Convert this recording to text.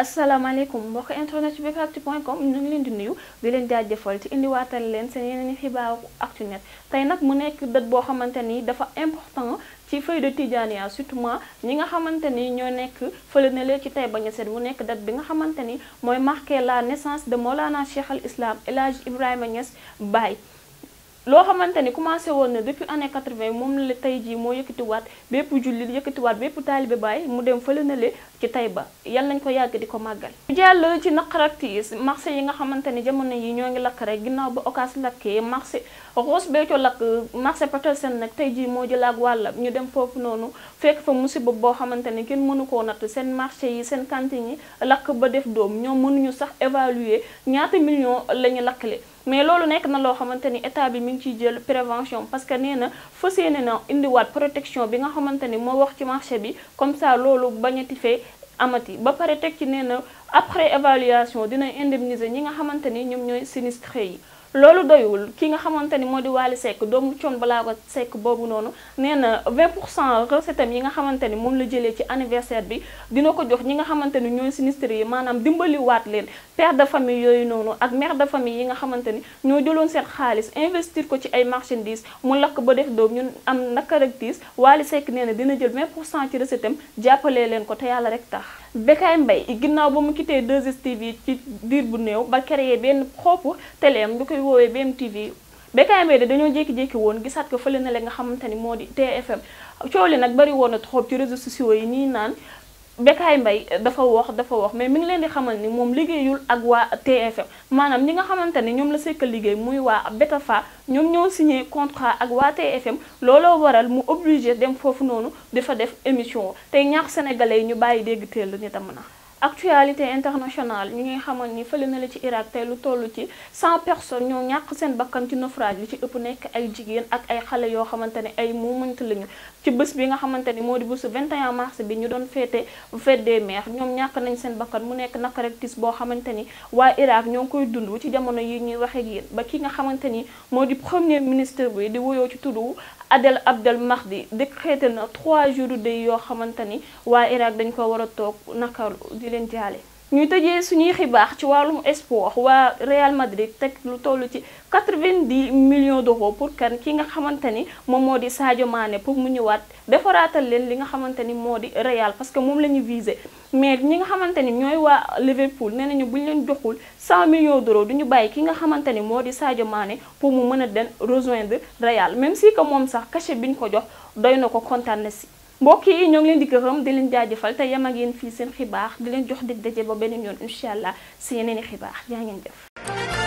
asalaamaaleykum mbokk internet bi bpactu.com ñu ngi leen di nuyu di leen jaajëfal ci indiwaatal leen seen yeneen xibaaru actu net tey nag mu nekk date boo xamante ni dafa important ci feuille de Tidiane surtout ñi nga xamante ni ñoo nekk fële na lee ci tey ba ñeset mu nekk date bi nga xamante ni mooy marqué la naissance de Mawlana Cheikh al Islam El Hadj Ibrahima Niass Baye. loo xamante ni commencé woon na depuis année 80 moom la tey jii moo yëkkatiwaat bépp jullit yëkkatiwaat bépp taalibe Baay mu dem fële na le ci Taïba yal nañ ko yàgg di ko màggal jàll ci naq ak tiis marché yi nga xamante ni jamono yi ñoo ngi lakk rek ginnaaw ba Ocass lakkee marché Ross Béthio lakk marché Petersen nag tey jii moo jëlaat wàlla ñu dem foofu noonu fekk fa musiba boo xamante ni kenn mënu koo natt seen marché yi seen cantine yi lakk ba def doom ñoom mënuñu sax évaluer ñaata millions la ñu lakkale mais loolu nekk na loo xamante ni état bi mi ngi ciy jël prévention parce que nee na fas yéene na indiwaat protection bi nga xamante ni moo wax ci marché bi comme ça loolu bañati fee amati ba pare teg ci nee na après évaluation dina indemniser ñi nga xamante ni ñoom ñooy sinistré yi loolu doyul ki nga xamante ni moo di Wally Seck doomu Thione Ballago Seck boobu noonu nee na 20 pour cent yi nga xamante ni moom la jëlee ci anniversaire bi dina ko jox ñi nga xamante ni ñooy sinistre yi maanaam dimbaliwaat leen père de famille yooyu noonu ak mère de famille yi nga xamante ni ñoo jëloon seen xaalis investir ko ci ay marchandises mu lakk ba def doom ñun am naka rek diis Wally Seck nee na dina jël 20 pour cent ci recette am jàppale leen ko te yàlla rek tax. Bécaye Mbaye ginnaaw ba mu quitté 2STV ci diir bu néew ba créé benn propre koy woowee BMTV Bécaye Mbaye de dañoo jékki-jékki woon gisaat ko fële na le nga xamante ni moo di TFM coow li nag bari woon na trop ci réseaux sociaux yi nii naan Bécaye mbay dafa wax dafa wax mais mi ngi leen di xamal ni moom liggéeyul ak waa TFM maanaam ñi nga xamante ne ñoom la sekkal liggéey muy waa fa ñoom ñoo signé contrat ak waa TFM looloo waral mu obligé dem foofu noonu dafa def émission tey ñaax sénégalais yi ñu bàyyi dégg teel la ñu tam na actualité internationale ñu ngi xamal ni fële na la ci Irak tey lu toll ci 100 personnes ñoo ñàkk seen bakkan ci naufrage li ci ëpp nekk ay jigéen ak ay xale yoo xamante ne ay muumant lañu ci bés bi nga xamante ni moo di bésu 21 mars bi ñu doon féete fête des mères ñoom ñàkk nañ seen bakkan mu nekk naka rek boo xamante ni waa ñoo ngi koy dund ci jamono yi ñuy wax ak ba ki nga xamante ni moo di premier ministre bi di woyoo ci tuddu Adel Abdel Mahdi xeete na 3 jours de yoo xamante ni waa Irak dañ ko war a toog naka di leen jaale ñuy tëjee suñuy xibaar ci wàllum sport waa Real Madrid teg lu toll ci vingt 90 millions d'euros pour kan ki nga xamante ni moom moo di Sadio Mané pour mu ñëwaat defaraatal leen li nga xamante ni moo di Real parce que moom la ñu visé mais ñi xamante ni ñooy waa Liverpool nee nañu bu ñu leen joxul 100 millions du ñu bàyyi ki nga xamante ni moo di Sadio Mané pour mu mën a den rejoindre Real même si ko moom sax cachet bi ñu ko jox doy na ko kontaan na si. mbokk yi ñoo ngi leen di gërëm di leen jaajëfal te yem a yéen fii seen xibaar di leen jox dig daje ba beneen yoon incha allah si yeneen i xibaar yaa ngeen jëf